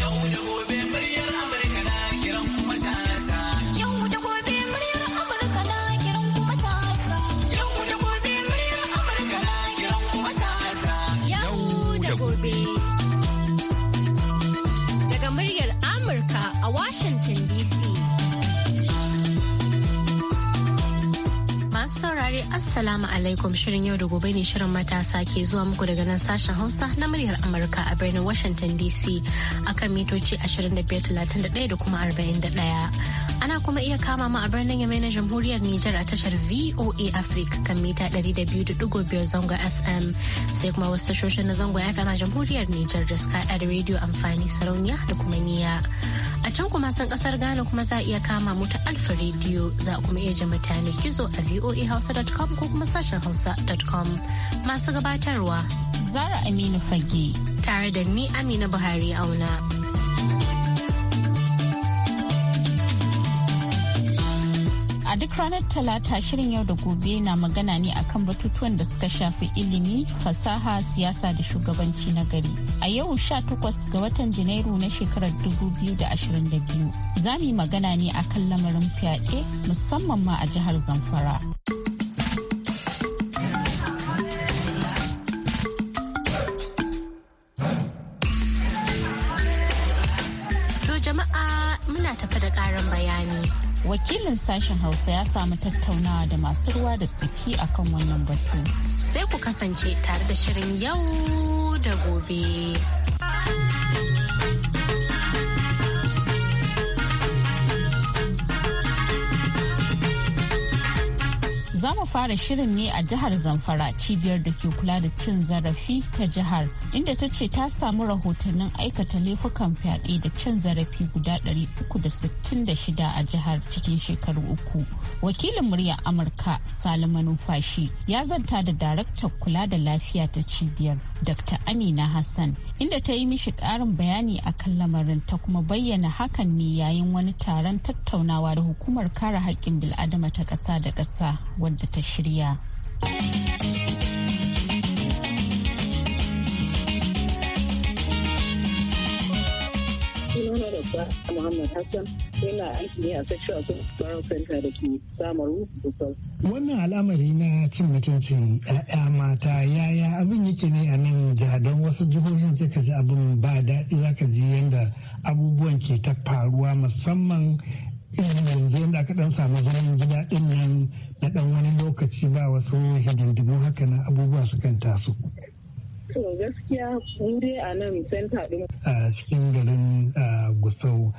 No. yo. Assalamu alaikum shirin yau da gobe ne shirin matasa ke zuwa muku daga nan sashen Hausa na muryar Amurka a birnin Washington DC akan mitoci 2531 da kuma 41. Ana kuma iya kama mu a birnin Yamai na Jamhuriyar Nijar a tashar VOA Africa kan mita 200.5 zango FM sai kuma wasu tashoshin na zango ya kama Jamhuriyar Nijar da Sky Radio amfani sarauniya da kuma niya. A can kuma san kasar Ghana kuma za a iya kama mu ta Alfa Radio za a kuma iya ji mutane gizo a voahausa.com ko kuma sashen hausa.com. Masu gabatarwa. Zara Aminu Fage. Tare da ni Amina Buhari Auna. A duk ranar Talata shirin yau da gobe na magana ne akan batutuwan da suka shafi ilimi, fasaha, siyasa da shugabanci na gari. A yau 18 ga watan Janairu na shekarar 2022 za mu yi magana ne akan lamarin fyaɗe musamman ma a jihar Zamfara. To jama'a muna tafi da ƙaran bayani. wakilin sashen hausa ya samu tattaunawa da masu ruwa da tsaki akan wannan batu sai ku kasance tare da shirin yau da gobe. Za mu fara shirin ne a jihar Zamfara cibiyar da ke kula da cin zarafi ta jihar inda ta ce ta samu rahotannin aikata laifukan fyaɗe da cin zarafi guda 366 a jihar cikin shekaru uku. Wakilin murya Amurka Salima Numfashi ya zanta da daraktar kula da lafiya ta cibiyar Dr. Amina Hassan inda ta yi mishi ƙarin bayani a kan lamarin ta kuma bayyana hakan ne yayin wani taron tattaunawa da hukumar kare haƙƙin bil'adama ta ƙasa da ƙasa wadda ta shirya. Musa Muhammad Hassan yana aiki ne a sexual assault center da ke Samaru Wannan al'amari na cin mutuncin ‘ya'ya mata yaya abin yake ne a nan jiha don wasu jihohin sai ka ji abin ba daɗi za ka ji yadda abubuwan ke ta faruwa musamman irin yanzu yadda aka ɗan samu zaman gida ɗin nan na ɗan wani lokaci ba wasu hidindimu haka na abubuwa sukan taso. To gaskiya mu dai a nan senta ɗin a cikin garin gusau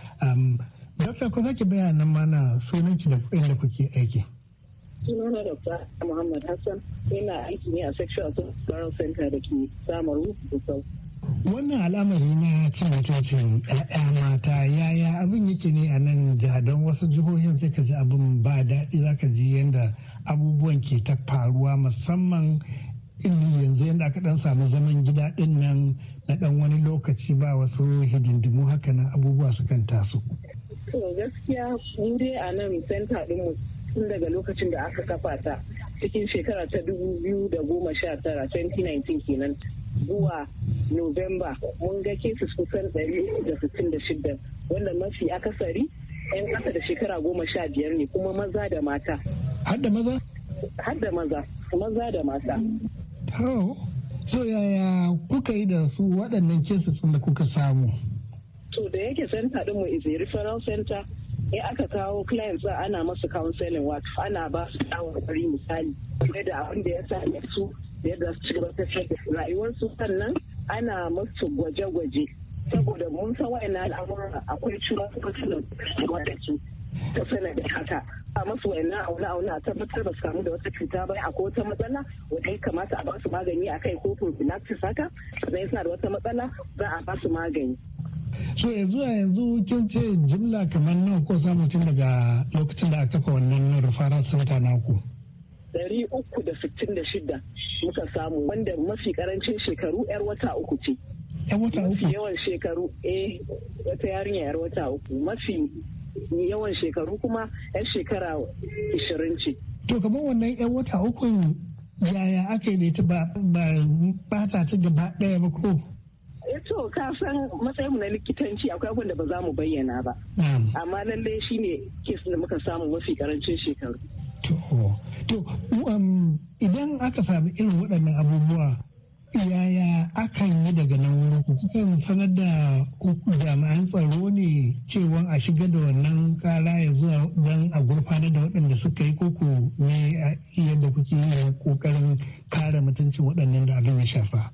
dokta ko sake bayanan mana sunanki da da kuke aiki sunana da muhammad hassan yana aiki ne a sexual assault center da ke samaru gusau wannan al'amari na cin mutuncin ɗaya mata yaya abin yake ne a nan jiha don wasu jihohin sai ka ji abin ba daɗi za ka ji yadda abubuwan ke ta faruwa musamman iri yanzu yadda aka dan samu zaman gida din nan na dan wani lokaci ba wasu hidindimu haka na abubuwa su kan taso. To gaskiya mu a nan senta ɗinmu tun daga lokacin da aka kafa ta cikin shekara ta dubu biyu da goma sha tara 2019 kenan zuwa Nuwamba mun ga kesis kusan ɗari da sittin da shidda wanda mafi akasari 'yan kasa da shekara goma sha biyar ne kuma maza da mata. Hadda maza? Hadda maza, maza da mata. to so yaya kuka yi da su waɗannan cases da kuka samu to da yake center ɗin mu is a referral center aka kawo clients ana masu counseling wato ana ba su shawarwari misali da abin da ya same su da yadda su ci gaba da su sannan ana masu gwaje-gwaje saboda mun san wa'annan al'amuran akwai cuta da su ta sanadin haka a masu wayannan auna auna tabbatar ba su kamu da wata cuta ba a ko wata matsala wanda ya kamata a ba su magani a kai ko binaxis haka sannan suna da wata matsala za a ba su magani. so yanzu a yanzu kin ce jimla kamar nan ko samun tun daga lokacin da aka kafa wannan rufara sauta naku. dari uku da sittin da shida muka samu wanda mafi karancin shekaru yar wata uku ce. wata uku? Mafi yawan shekaru eh wata yarinya yar wata uku mafi yawan shekaru kuma 'yan shekara 20 ce. To kama wannan 'yan wata ukun yaya aka yi ta ba bata ta gaba ɗaya ba ko? Eh to ka san matsayinmu na likitanci akwai abin da ba za mu bayyana ba. Amma lallai shi ne kes da muka samu mafi karancin shekaru. To, um, idan aka sami irin waɗannan abubuwa yaya akan yi daga nan wurin ku kukan sanar da jami'an tsaro ne cewa a shiga da wannan kara ya zuwa don a gurfana da waɗanda suka yi koko ne a yadda kuke yi kokarin kare mutuncin waɗannan da abin ya shafa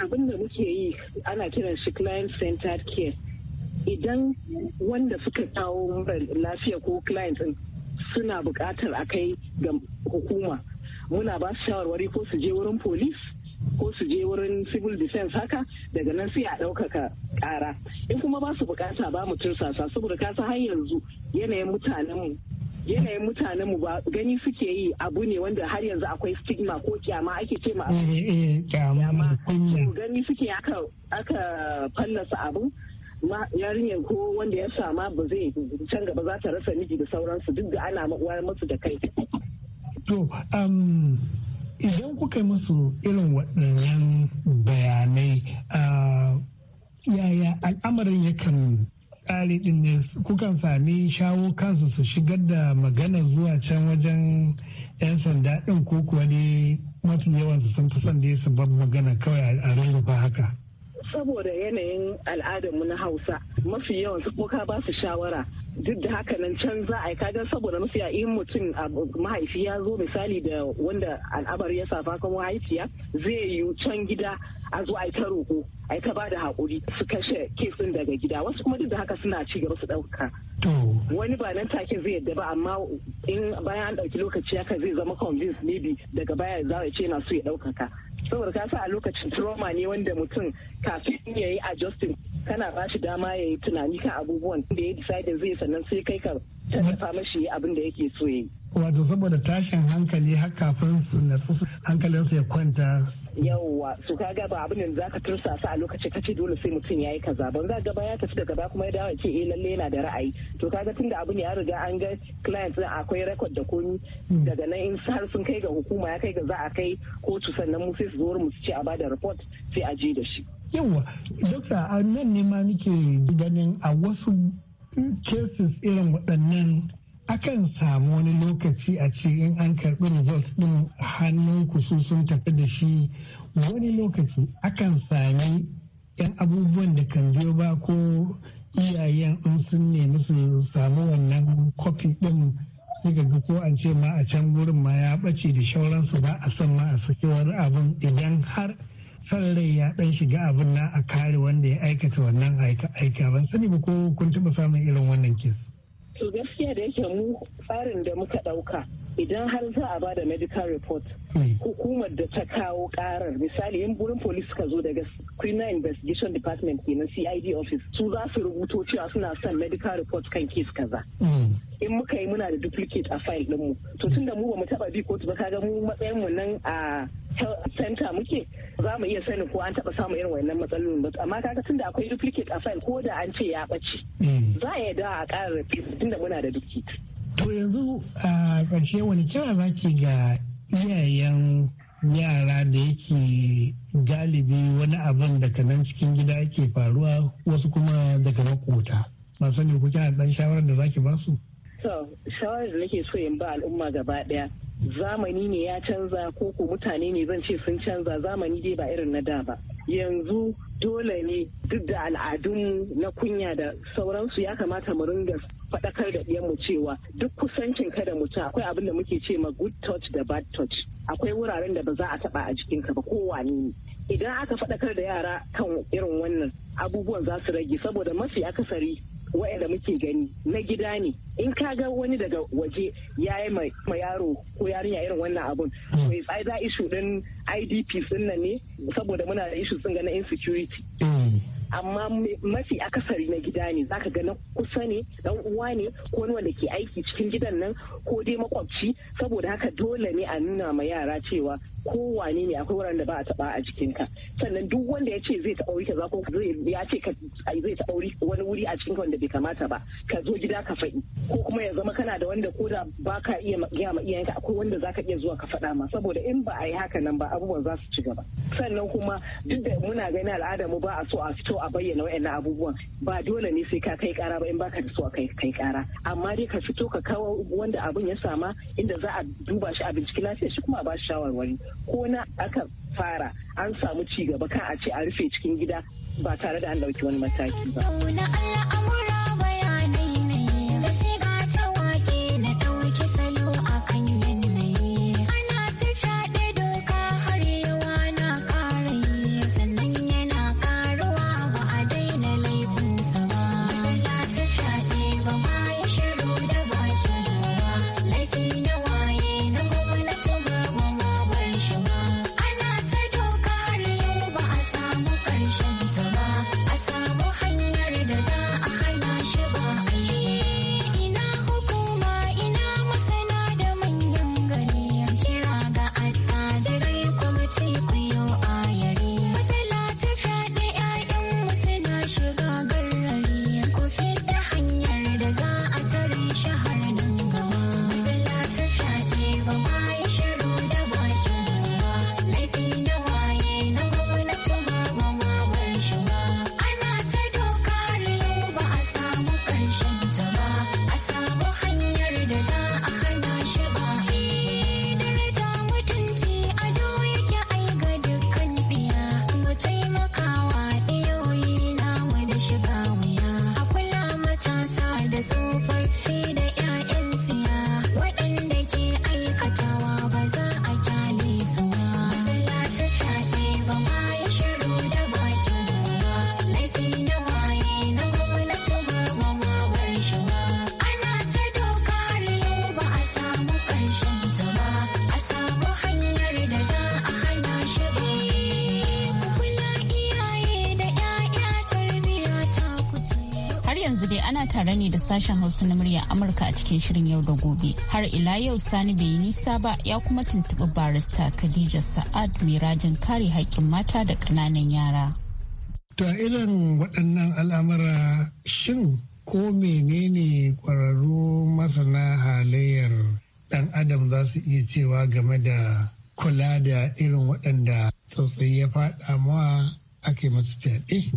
abin da muke yi ana kiran shi client centered care idan wanda suka kawo lafiya ko client suna bukatar a kai ga hukuma muna ba su shawarwari ko su je wurin police ko su je wurin civil defense haka daga nan sai a ɗaukaka ƙara in kuma ba su bukata ba mutum sasa saboda kasa har yanzu yanayin mutanenmu yanayin mutanen mu ba gani suke yi abu ne wanda har yanzu akwai stigma ko kyama ake ce ma eh, kyama eh, gani suke aka aka fallasa abu yarinyar ko wanda ya sama ba zai can gaba za ta rasa miji da sauransu duk da ana makuwar musu da kai to um, idan kuka masu irin waɗannan bayanai a yaya al'amarin yakan tsari ɗin ne kukan sami shawo kansu su shigar da magana zuwa can wajen 'yan sanda ɗin ko kuwa ne mafi yawansu sun fi son da su bar magana kawai a rarrafa haka. saboda yanayin al'adarmu na hausa mafi yawan ka ba su shawara duk da haka nan can za a yi kaga saboda masu in mutum mahaifi ya zo misali da wanda al'amari ya safa kuma mahaifiya zai yi can gida a zo a yi ta roƙo a yi ta ba da haƙuri su kashe kesin daga gida wasu kuma duk da haka suna ci gaba su ɗauka wani ba nan take zai yadda ba amma in bayan an ɗauki lokaci haka zai zama convince maybe daga baya za ya ce na so ya ɗaukaka saboda ka sa a lokacin trauma ne wanda mutum kafin ya yi adjusting kana ba shi dama ya yi tunani kan abubuwan da ya decide zai sannan sai kai ka tallafa mashi abin da yake so yi. Wato saboda tashin hankali har kafin su hankalinsu ya kwanta yawwa su kaga ba abin da za ka tursa sa a lokaci kace dole sai mutum yayi kaza ban za gaba ya tafi da gaba kuma ya dawo ce eh lalle yana da ra'ayi to kaga tunda abin ya riga an ga client din akwai record da komi hmm. daga nan in har sun kai ga hukuma ya kai ga za a kai kotu sannan mu sai su zo mu ce a da report sai a je da shi yawwa dokta a nan ne ma nake ganin a wasu cases irin waɗannan akan samu wani lokaci a ce in an karɓi results ɗin hannun ku su sun tafi da shi wani lokaci akan sami 'yan abubuwan da kan biyo ba ko iyayen in sun nemi su samu wannan kofi ɗin daga ga ko an ce ma a can gurin ma ya ɓace da shauransu ba a san ma a saki wani abin idan har san rai ya ɗan shiga abin na a kare wanda ya aikata wannan aika ban sani ba ko kun taɓa samun irin wannan kisa. to gaskiya da yake mu tsarin da muka ɗauka idan har za a bada medical report hmm. hukumar da ta kawo karar misali yan burin police ka zo daga criminal investigation department na cid office su za su rubuto cewa suna son medical report kan kes kaza hmm. in muka yi muna da duplicate a file mu to tunda mu ba mu taba bi kotu ba kaga mu matsayin mu nan a center muke za mu iya sani ko an taba samu irin wannan matsalolin ba amma kaga tunda akwai duplicate a file ko da an ce ya ɓace hmm. za a da a karar tunda muna da duplicate To yanzu a ƙarshe wani kira zaki ga iyayen yara da yake galibi wani abin daga nan cikin gida ake faruwa wasu kuma daga makota. masu sani ku kina dan shawarar da ki ba su? shawarar da nake so in ba al'umma gaba ɗaya. Zamani ne ya canza ko ko mutane ne zan ce sun canza zamani dai ba irin na da ba. yanzu dole ne duk da al'adun na kunya da sauransu ya kamata mu ringa faɗakar da ɗiyanmu cewa duk kusancin ka da mutu akwai abin da muke ce ma good touch da bad touch akwai wuraren da ba za a taɓa a jikinka ba kowane ne idan aka faɗakar da yara kan irin wannan abubuwan za su rage saboda mafi akasari waɗanda muke gani na gida ne in ka ga wani daga waje ya yi ma yaro ko yarinya irin wannan abun to it's either issue din IDP sun nan ne saboda muna da isu sun ga na insecurity mm. amma mafi akasari na gida ne zaka ga na kusa ne dan uwa ne ko wani wanda ke aiki cikin gidan nan ko dai makwabci saboda haka dole ne a nuna ma yara cewa Ko wane ne akwai wuraren ba a taba a jikinka sannan duk wanda ya ce zai taba wuri kaza ko ya ce zai taba wuri wani wuri a cikinka wanda bai kamata ba ka zo gida ka faɗi ko kuma ya zama kana da wanda ko da ba ka iya gaya ma iyayenka akwai wanda za iya zuwa ka faɗa ma saboda in ba a yi haka nan ba abubuwan za su ci gaba sannan kuma duk da muna ganin al'adar mu ba a so a fito a bayyana wa'annan abubuwan ba dole ne sai ka kai kara ba in baka da so a kai kai kara amma dai ka fito ka kawo wanda abin ya sama inda za a duba shi a binciki lafiyar shi kuma a ba shi shawarwari ko na aka fara an samu ci gaba kan a ce a rufe cikin gida ba tare da an ɗauki wani mataki ba. tare ne da sashen Hausa na murya Amurka a cikin shirin yau da gobe. Har ila yau Sani bai yi nisa ba ya kuma tuntuɓi barista Khadija Sa'ad mai rajin kare haƙƙin mata da ƙananan yara. To irin waɗannan al'amura shin ko menene ƙwararru masana halayyar ɗan adam za su iya cewa game da kula da irin waɗanda tsautsayi ya faɗa ma ake masu fyaɗe?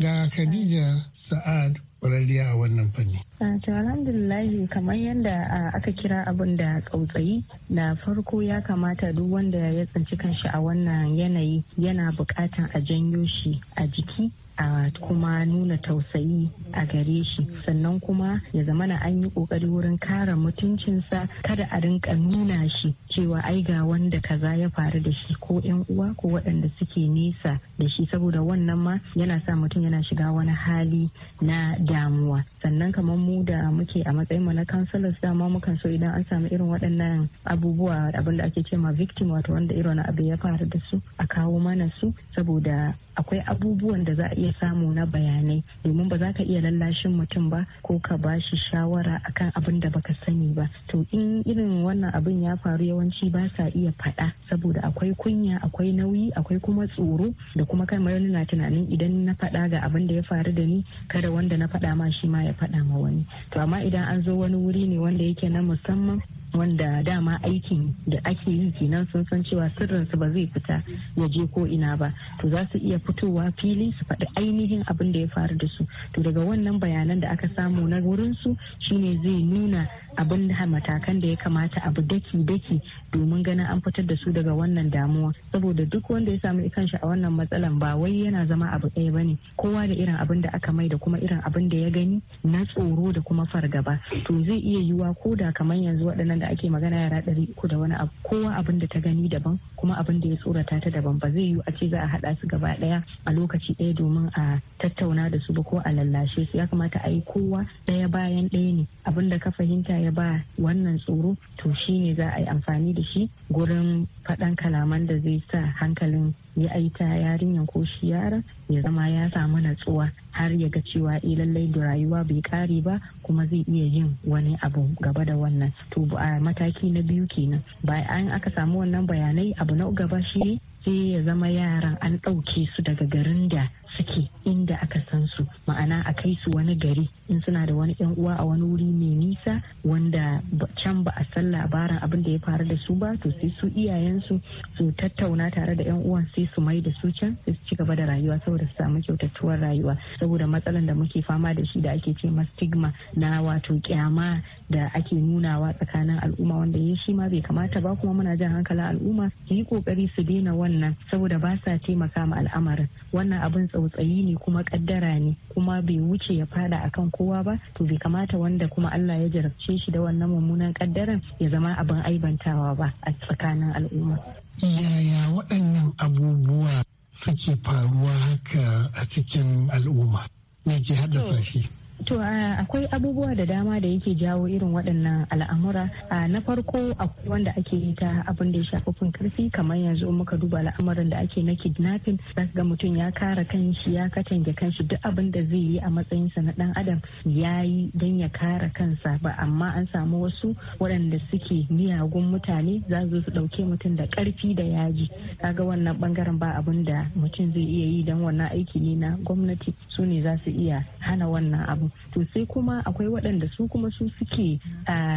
Ga Khadija Sa'ad kwararriya a wannan fanni? to alhamdulillahi kamar yadda aka kira abin da tsautsayi na farko ya kamata duk wanda ya tsinci kanshi a wannan yanayi yana bukatan a janyo shi a jiki a kuma nuna tausayi a gare shi sannan kuma ya zama na an yi kokari wurin kare mutuncinsa kada a rinka nuna shi cewa ai ga wanda kaza ya faru da shi ko yan uwa ko waɗanda suke nesa da shi saboda wannan ma yana sa mutum yana shiga wani hali na damuwa sannan kamar mu da muke a matsayin mu na counselors dama mukan so idan an samu irin waɗannan abubuwa abinda ake cewa ma victim wato wanda irin abu ya faru da su a kawo mana su saboda akwai abubuwan da za a iya samu na bayanai domin ba za ka iya lallashin mutum ba ko ka ba shi shawara akan abin da baka sani ba to in irin wannan abin ya faru yawanci ba sa iya faɗa saboda akwai kunya akwai nauyi akwai kuma tsoro da kuma kai mai na tunanin idan na faɗa ga abin da ya faru da ni kada wanda na faɗa ma shi ma ya faɗa ma wani to amma idan an zo wani wuri ne wanda yake na musamman wanda dama aikin da ake yi kenan sun san cewa sirrinsu ba zai fita ya je ko ina ba to za su iya fitowa fili su faɗi ainihin abin da ya faru da su to daga wannan bayanan da aka samu na wurinsu shine zai nuna abin da matakan da ya kamata abu daki-daki domin ganin an fitar da su daga wannan damuwa saboda duk wanda ya samu ikan shi a wannan matsalan ba wai yana zama abu ɗaya ba ne kowa da irin abin da aka mai da kuma irin abin da ya gani na tsoro da kuma fargaba to zai iya yiwuwa ko da kamar yanzu waɗannan da ake magana yara ɗari uku da wani abu kowa abin da ta gani daban kuma abin da ya tsorata ta daban ba zai yiwu a ce za a haɗa su gaba ɗaya a lokaci ɗaya domin a tattauna da su ba ko a lallashe su ya kamata a yi kowa ɗaya bayan ɗaya ne abin da ka fahimta ya ba wannan tsoro to shi ne za a yi amfani da shi gurin faɗan kalaman da zai sa hankalin ya aita yarinyan ko shi yaran ya zama ya samu natsuwa har ya ga cewa eh lallai da rayuwa bai kare ba kuma zai iya yin wani abu gaba da wannan to a mataki na biyu kenan bayan aka samu wannan bayanai abu na gaba shi sai ya zama yaran an ɗauke su daga garin da suke inda aka san su ma'ana a kai su wani gari in suna da wani yan uwa a wani wuri mai nisa wanda can ba a san labarin abin da ya faru da su ba to sai su iyayensu su tattauna tare da yan uwan sai su mai da su can sai su ci gaba da rayuwa saboda su samu kyautattuwar rayuwa saboda matsalan da muke fama da shi da ake ce ma stigma na wato kyama da ake nunawa tsakanin al'umma wanda ya shi ma bai kamata ba kuma muna jan hankalin al'umma su yi kokari su daina wannan saboda ba sa taimaka ma al'amarin wannan abin tsoro matsayi ne kuma kaddara ne kuma bai wuce ya fada akan kowa ba to bai kamata wanda kuma Allah ya jarabce shi da wannan mummunan kaddaran ya zama abin aibantawa ba a tsakanin al'umma yaya waɗannan abubuwa suke faruwa haka a cikin al'umma me ke haddasa shi To akwai abubuwa da dama da yake jawo irin waɗannan al'amura. Na farko akwai wanda ake yi ta abin da ya sha fin karfi kamar yanzu muka duba al'amuran da ake na kidnapping ga mutum ya kare kanshi ya katange kanshi duk abin da zai yi a matsayinsa na ɗan adam ya yi don ya kara kansa ba amma an samu wasu waɗanda suke miyagun mutane za su ɗauke mutum da ƙarfi da yaji. Kaga wannan bangaren ba abin da mutum zai iya yi don wannan aiki ne na gwamnati su ne za su iya hana wannan abu. abu to sai kuma akwai waɗanda su kuma su suke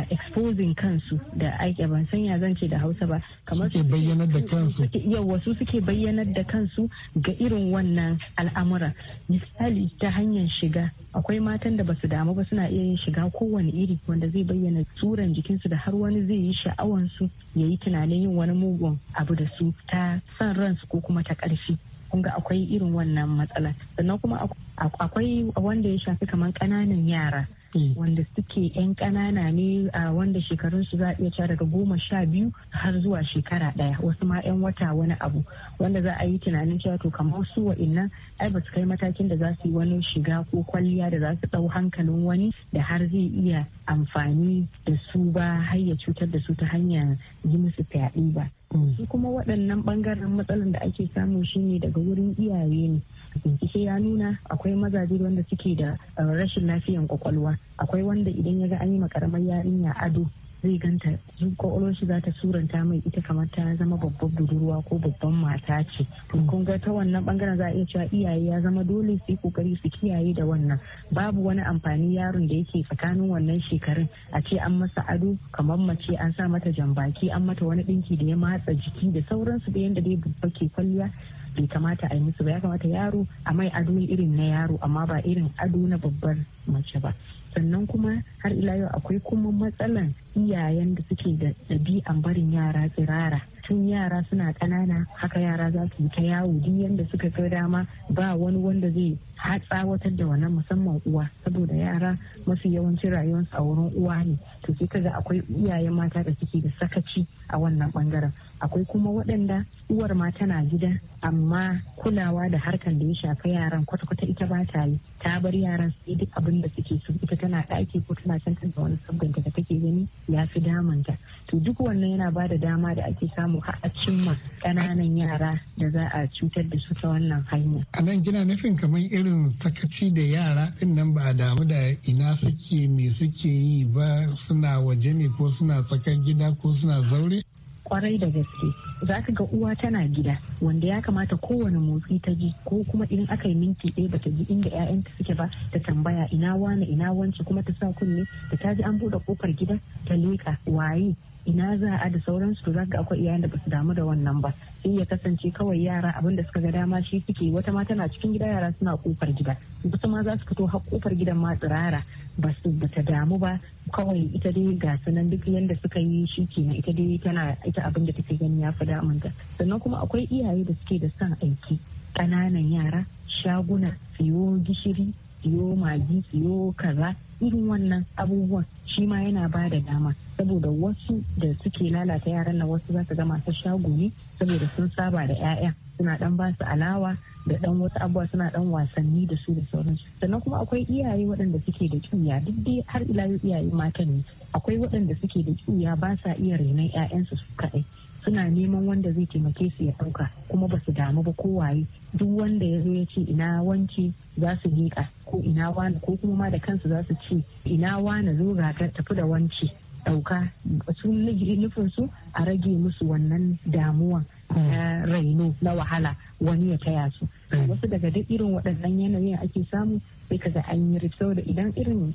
exposing kansu da aiki ban san ya zance da hausa ba kamar suke bayyanar da kansu yawa su suke bayyanar da kansu ga irin wannan al'amura misali ta hanyar shiga akwai matan da basu damu ba suna iya yin shiga kowane iri wanda zai bayyana tsuran jikinsu da har wani zai yi sha'awansu ya yi tunanin yin wani mugun abu da su ta san ransu ko kuma ta ƙarfi kun ga akwai irin wannan matsala sannan kuma akwai wanda ya shafi kamar kananan yara mm. wanda suke 'yan kanana ne wanda shekarunsu za a iya cewa daga goma sha biyu har zuwa shekara daya wasu ma 'yan wata wani abu wanda za a yi tunanin cewa to kamar su wa'innan ai ba su kai matakin da za su yi wani shiga ko kwalliya da za su dau hankalin wani da har zai iya amfani da su ba har ya cutar da su ta hanyar yi musu fyaɗe ba Mm. su kuma waɗannan ɓangaren matsalar da ake samu shine daga wurin iyaye ne bincike ya nuna akwai mazaje wanda suke da eh, rashin lafiyan kwakwalwa akwai wanda idan ya ga an yi ma ƙaramar yarinya ado zai ganta kwakwalwar shi za ta suranta mai ita kamar ta zama babbar budurwa ko babban mata ce to kun ga ta wannan bangaren za a iya cewa iyaye ya zama dole sai kokari su kiyaye da wannan babu wani amfani yaron da yake tsakanin wannan shekarun a ce an masa ado kamar mace an sa mata jambaki an mata wani dinki da ya matsa jiki da sauransu da yanda dai babba ke kwalliya bai kamata a yi musu ba ya kamata yaro a mai ado irin na yaro amma ba irin ado na babbar mace ba sannan kuma har ila yau akwai kuma matsalan iyayen da suke da ɗabi'an barin yara tsirara tun yara suna ƙanana haka yara za su yi ta yawo duk yadda suka ga dama ba wani wanda zai hatsawatar da wannan musamman uwa saboda yara mafi yawancin rayuwarsu a wurin uwa ne to sai ga akwai iyayen mata da suke da sakaci a wannan bangaren akwai kuma waɗanda uwar ma tana gida amma kulawa da harkar da ya shafa yaran kwata-kwata ita ba ta yi ta bar yaran sai duk abin da suke so ita tana ɗaki ko tana can da wani sabganta da take gani ya fi damanta to duk wannan yana ba da dama da ake samu har a cimma ƙananan yara da za a cutar da su ta wannan hanya. a nan kina nufin kamar irin sakaci da yara ɗin nan ba a damu da ina suke me suke yi ba suna waje ne ko suna tsakar gida ko suna zaure kwarai da gaske za ka ga uwa tana gida wanda ya kamata kowane motsi ta ji ko kuma idan aka yi minti ɗaya ba ta ji inda 'ya'yanta suke ba ta tambaya ina wani ina wance kuma ta sa kunne da ta ji an buɗe kofar gida ta leƙa waye ina za a da sauransu to zaka akwai iyayen da basu damu da wannan ba sai ya kasance kawai yara abin da suka ga dama shi suke wata ma tana cikin gida yara suna kofar gida wasu ma za su fito har kofar gidan ma tsirara ba su bata damu ba kawai ita dai ga sanan duk yanda suka yi shi kenan ita dai tana ita abin da take gani ya fi damunta sannan kuma akwai iyaye da suke da son aiki ƙananan yara shaguna siyo gishiri siyo magi siyo kaza irin wannan abubuwan shi ma yana ba da dama saboda wasu da suke lalata yaran nan wasu za su ga masu shago ne saboda sun saba da 'ya'ya suna dan ba su alawa da dan wasu abuwa suna dan wasanni da su da sauransu sannan kuma akwai iyaye waɗanda suke da kiya duk dai har ila yau iyaye mata ne akwai waɗanda suke da kiya ba sa iya renon 'ya'yansu su kaɗai suna neman wanda zai taimake su ya ɗauka kuma ba su damu ba kowaye duk wanda ya zo ya ce ina wanke za su miƙa ko ina wani ko kuma ma da kansu za su ce ina wani zo ga tafi da wance ɗauka su nufin su a rage musu wannan damuwa na raino na wahala wani ya taya su wasu daga duk irin waɗannan yanayin ake samu sai kaga an yi da idan irin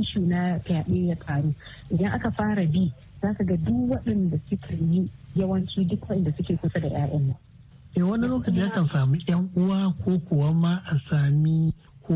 ishu na fyaɗe ya faru idan aka fara bi za ka ga duk waɗanda suka yi yawanci duk waɗanda suke kusa da 'ya'yan e eh, wani lokaci yakan samu yan uwa ko kuwa ma a sami ko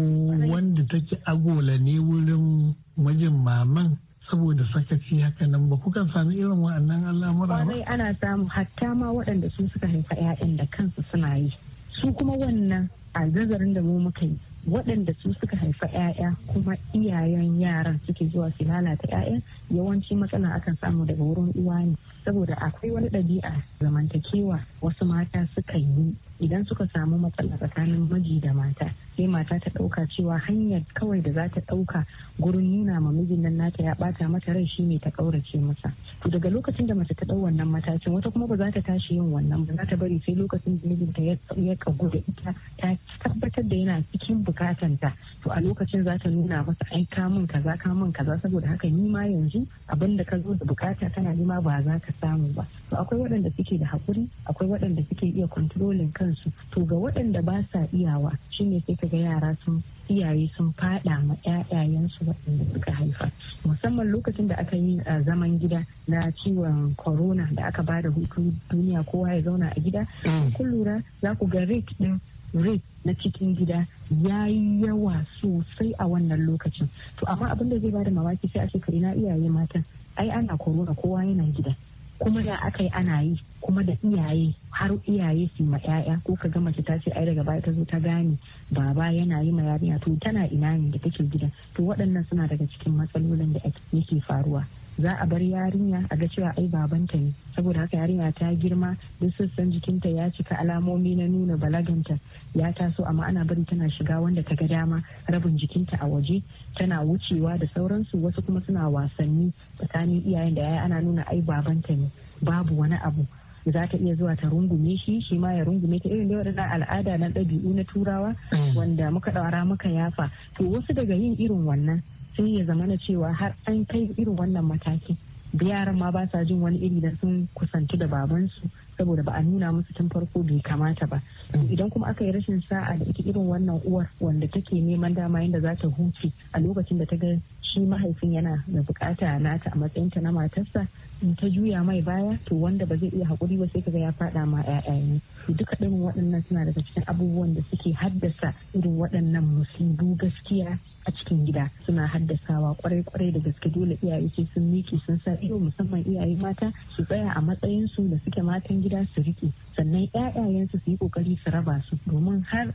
wanda take agola ne wurin majin maman saboda sakaci haka nan ba kukan sami irin wa'annan al'amura ba. ana samu hatta ma waɗanda su suka haifa 'ya'yan da kansu suna yi. Su kuma wannan a da mu muka yi waɗanda su suka haifa 'ya'ya kuma iyayen yaran suke zuwa su lalata 'ya'yan yawanci matsala akan samu daga wurin uwa ne saboda akwai wani ɗabi'a zamantakewa wasu mata suka yi idan suka samu matsala tsakanin miji da mata sai mata ta ɗauka cewa hanyar kawai da za ta ɗauka gurin nuna ma mijin nan nata ya ɓata mata rai shine ta ƙaurace masa daga lokacin da mace ta ɗau wannan matakin wata kuma ba za ta tashi yin wannan ba za ta bari sai lokacin da mijinta ya kagu da ita ta tabbatar da yana cikin bukatanta to a lokacin za ta nuna masa ai ka min kaza ka min kaza saboda haka ni ma yanzu abin da ka zo da bukata tana nima ba za ka samu ba to akwai waɗanda suke da haƙuri akwai waɗanda suke iya kontrolin kansu to ga waɗanda ba sa iyawa shine sai ka ga yara sun iyaye sun fada ma ƴaƴayensu waɗanda suka haifa musamman lokacin da aka yi a zaman gida na ciwon corona da aka bada da hutu duniya kowa ya zauna a gida mm. kun lura za ku ga rate ɗin rate na cikin gida ya yi yawa sosai a wannan lokacin to amma abin da zai bada mawaki sai a shekaru na iyaye matan ai ana korona kowa yana gida kuma da aka yi ana yi kuma da iyaye har iyaye su ma yaya ko ka gama mace ta ce ai daga baya ta zo ta gane baba yana yi ma yarinya to tana ina ne da take gidan to waɗannan suna daga cikin matsalolin da yake faruwa za a bar yarinya a ga cewa ai babanta ne saboda haka yarinya ta girma duk sassan jikinta ya cika alamomi na nuna balaganta ya taso amma ana bari tana shiga wanda ta ga dama rabin jikinta a waje tana wucewa da sauransu wasu kuma suna wasanni tsakanin iyayen da yaya ana nuna ai babanta ne babu wani abu za ta iya zuwa ta rungume shi shi ma ya rungume ta irin waɗannan al'ada na ɗabi'u na turawa mm. wanda muka ɗaura muka yafa to wasu daga yin irin wannan sai ya zama na cewa har an kai irin wannan mataki da yaran ma ba sa jin wani iri da sun kusantu da babansu saboda ba a nuna musu tun farko bai kamata ba idan kuma aka yi rashin sa'a da ita irin wannan uwar wanda take neman dama yadda za ta huce a lokacin da ta ga shi mahaifin yana da bukata nata a matsayinta na matarsa in ta juya mai baya to wanda ba zai iya hakuri ba sai kaga ya faɗa ma ƴaƴaye duka irin waɗannan suna daga cikin abubuwan da suke haddasa irin waɗannan musibu gaskiya a cikin gida suna haddasawa kwarai-kwarai da gaske dole iyaye sai sun miki sun sa ido musamman iyaye mata su tsaya a matsayin su da suke matan gida su rike sannan ƴaƴayen su yi kokari su raba su domin har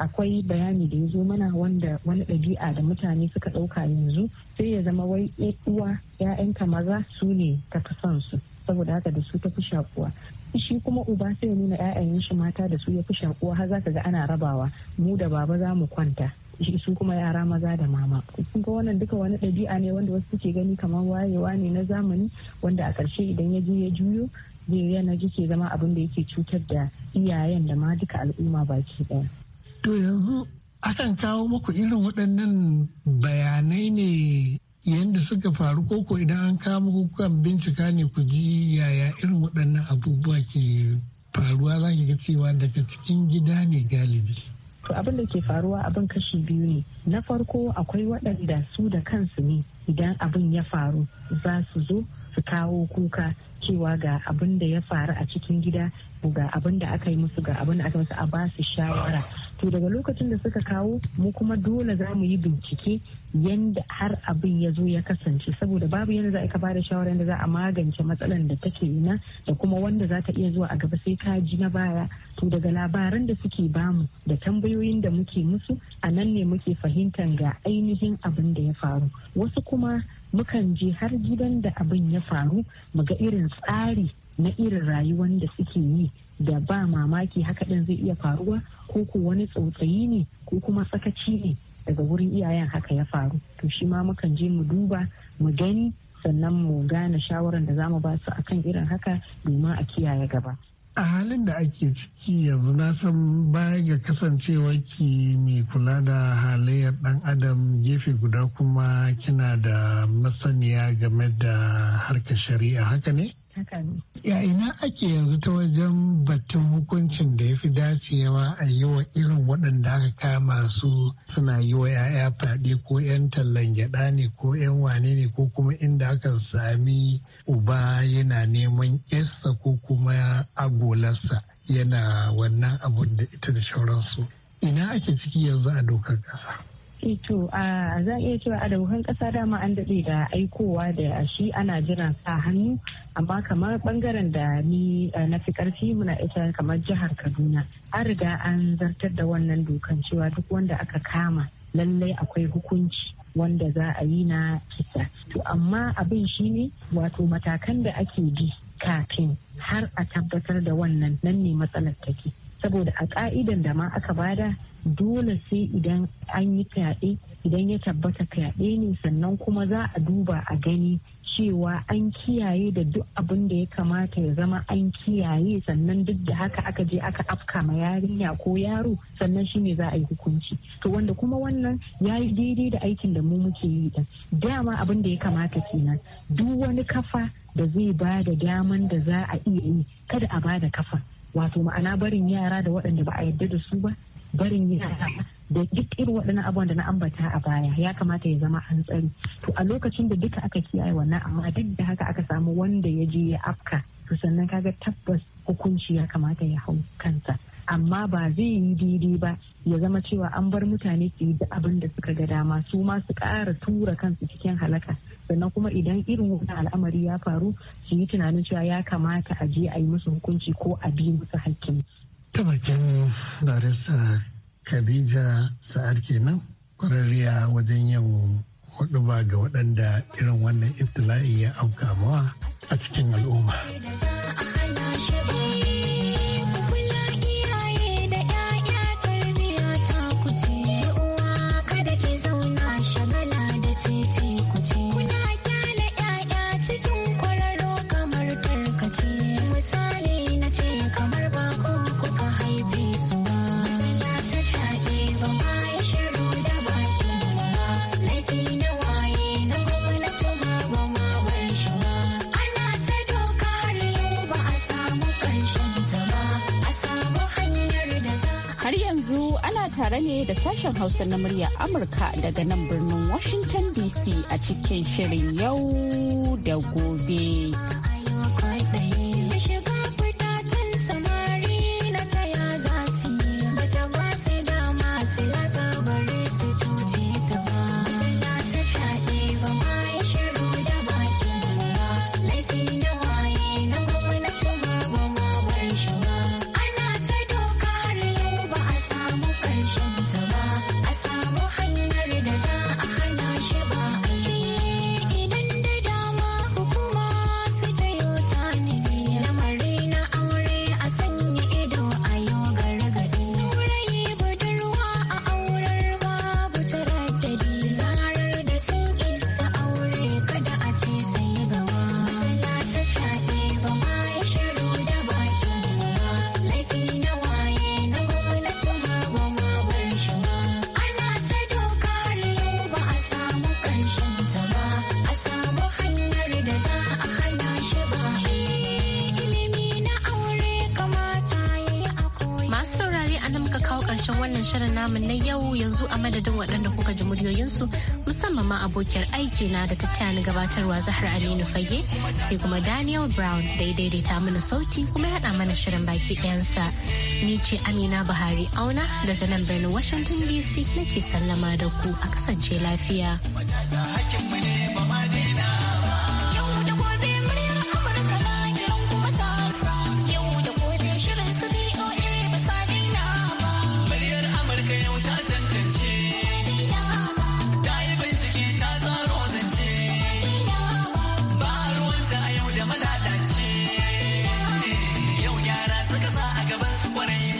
akwai bayani da ya zo mana wanda wani ɗabi'a da mutane suka ɗauka yanzu sai ya zama wai uwa ƴaƴanka maza su ne ta fi son su saboda haka da su ta fi shakuwa shi kuma uba sai ya nuna ƴaƴayen shi mata da su ya fi shakuwa har za ka ga ana rabawa mu da baba za mu kwanta su kuma yara maza da mama kun wannan duka wani ɗabi'a ne wanda wasu suke gani kamar wayewa ne na zamani wanda a ƙarshe idan ya je ya juyo zai yana jike zama abin da yake cutar da iyayen da ma duka al'umma baki ɗaya. to yanzu akan kawo muku irin waɗannan bayanai ne yadda suka faru koko idan an kawo muku kan bincika ne ku ji yaya irin waɗannan abubuwa ke faruwa za ga cewa daga cikin gida ne galibi. to abin da ke faruwa abin kashi biyu ne na farko akwai waɗanda su da kansu ne idan abin ya faru za su zo su kawo kuka cewa ga abin da ya faru a cikin gida ga abin da aka yi musu ga abin da aka musu a basu shawara to daga lokacin da suka kawo mu kuma dole za mu yi bincike yadda har abin ya zo ya kasance saboda babu yadda za a ka bada shawara yadda za a magance matsalan da take na da kuma wanda za ta iya zuwa a gaba sai kaji na baya to daga labaran da suke bamu da tambayoyin da muke musu a nan ne muke fahimtar ga ainihin abin da ya faru wasu kuma mukan je har gidan da abin ya faru mu ga irin tsari na irin rayuwar da suke yi da ba mamaki haka ɗin zai iya faruwa ko ko wani tsautsayi ne ko kuma tsakaci ne daga wurin iyayen haka ya faru to shi ma mukan je mu duba mu gani sannan mu gane shawaran da za mu ba su akan irin haka domin a kiyaye gaba a halin da ake ciki yanzu na san baya ga kasancewa ki mai kula da halayyar dan adam gefe guda kuma kina da masaniya game da harkar shari'a haka ne? Ya ina ake yanzu ta wajen batun hukuncin da ya fi dacewa a yi wa irin waɗanda aka kama su suna yi wa 'ya'ya fyaɗe ko 'yan tallan gyaɗa ne ko 'yan wane ne ko kuma inda aka sami uba yana neman 'yarsa ko kuma agolarsa yana wannan abun da ita da sauransu. Ina ake ciki yanzu a dokar ƙasa. Eh, to a zan iya cewa a daukan kasa dama an daɗe da aikowa da shi ana jiran sa hannu amma kamar bangaren da ni na fi karfi muna ita kamar jihar kaduna an riga an zartar da wannan dokan cewa duk wanda aka kama lallai akwai hukunci wanda za a yi na kisa to amma abin shi ne wato matakan da ake bi kafin har a tabbatar da wannan nan ne matsalar take saboda a ka'idan da ma aka bada dole sai idan an yi fyaɗe idan ya tabbata fyaɗe ne sannan kuma za a duba a gani cewa an kiyaye da duk abin da ya kamata ya zama an kiyaye sannan duk da haka aka je aka afka ma yarinya ko yaro sannan shine za a yi hukunci to wanda kuma wannan ya yi daidai da aikin da mu muke yi din dama abin da ya kamata kenan duk wani kafa da zai ba da daman da za a iya yi kada a ba da kafa wato ma'ana barin yara da waɗanda ba a yarda da su ba barin yara da duk irin waɗannan abubuwan da na ambata a baya ya kamata ya zama an tsari to a lokacin da duka aka kiyaye wannan amma duk da haka aka samu wanda ya je ya afka to sannan kaga tabbas hukunci ya kamata ya hau kansa amma ba zai yi daidai ba ya zama cewa an bar mutane su yi da abin da suka ga dama su ma su ƙara tura kansu cikin halaka sannan kuma idan irin wani al'amari ya faru su yi tunanin cewa ya kamata a je a yi musu hukunci ko a bi musu hakkin ta bakin barista khadija sa'ad kenan kwararriya wajen yin hudu ba ga waɗanda irin wannan iftila'i ya auka mawa a cikin al'umma. Har yanzu ana tare ne da sashen Hausa na murya Amurka daga nan birnin Washington DC a cikin shirin yau da gobe. namu na yau yanzu a madadin waɗanda kuka ji muryoyinsu musamman ma abokiyar aiki na da tattaya gabatarwa Zahra Aminu Fage sai kuma Daniel Brown da ya daidaita mana sauti kuma ya haɗa mana shirin baki ɗayansa. Ni ce Amina Buhari Auna daga nan birnin Washington DC nake sallama da ku a kasance lafiya. You.